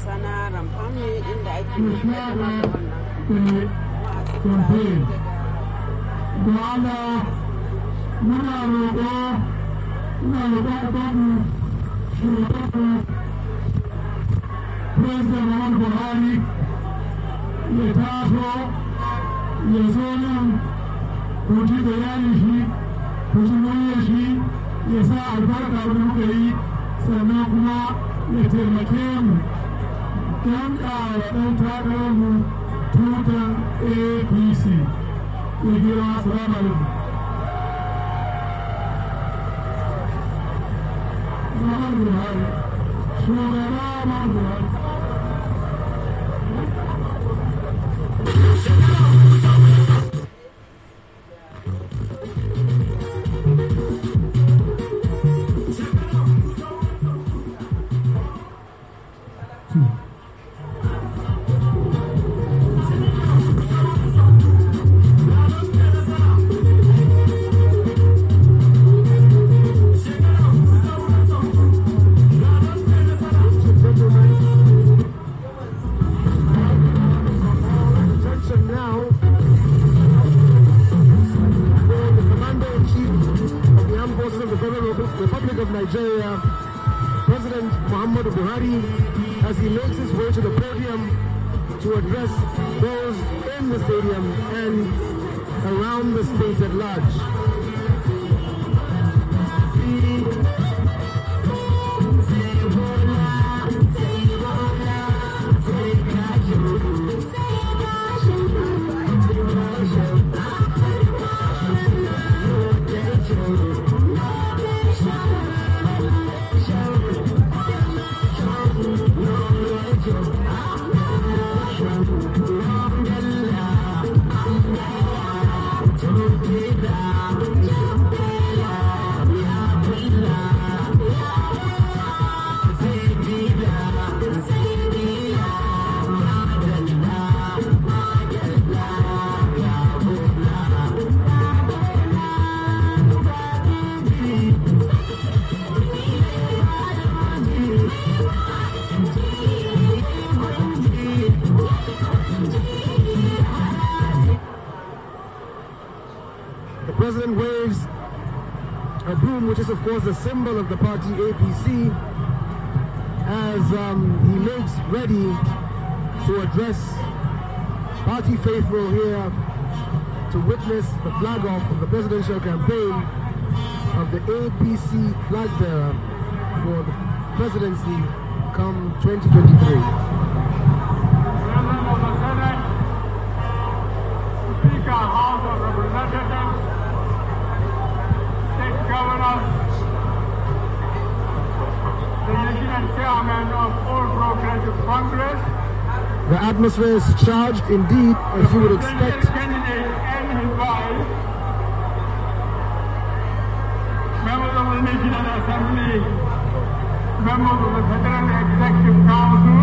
matasa na ramfam ne inda ake mm-hmm. da wannan mm-hmm. muna roƙo muna roƙo a babu president Muhammadu Buhari ya taso ya zo nan ku ji bayanin shi ku ji muryar shi ya sa albarka wani muka yi sannan kuma ya taimake mu then uh, then turn over to the APC. We give us Ramadan. Thank you. Nigeria, President Muhammad Buhari, as he makes his way to the podium to address those in the stadium and around the state at large. president waves a broom, which is, of course, the symbol of the party APC, as um, he makes ready to address party faithful here to witness the flag off of the presidential campaign of the APC flag bearer for the presidency come 2023. the atmosphere is charged indeed, as you would expect. candidate and his wife, members of the National Assembly, members of the Federal Executive Council,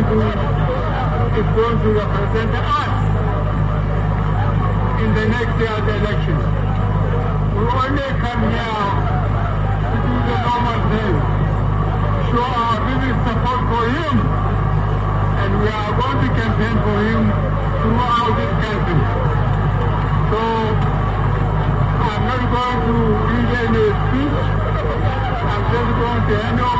Assembly is going to represent us in the next year's election. We only come here to do the normal thing, show our biggest support for him, and we are going to campaign for him throughout this country. So I'm not going to read any speech. I'm just going to hand over.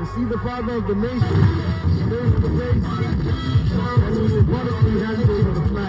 to see the father of the nation, face, and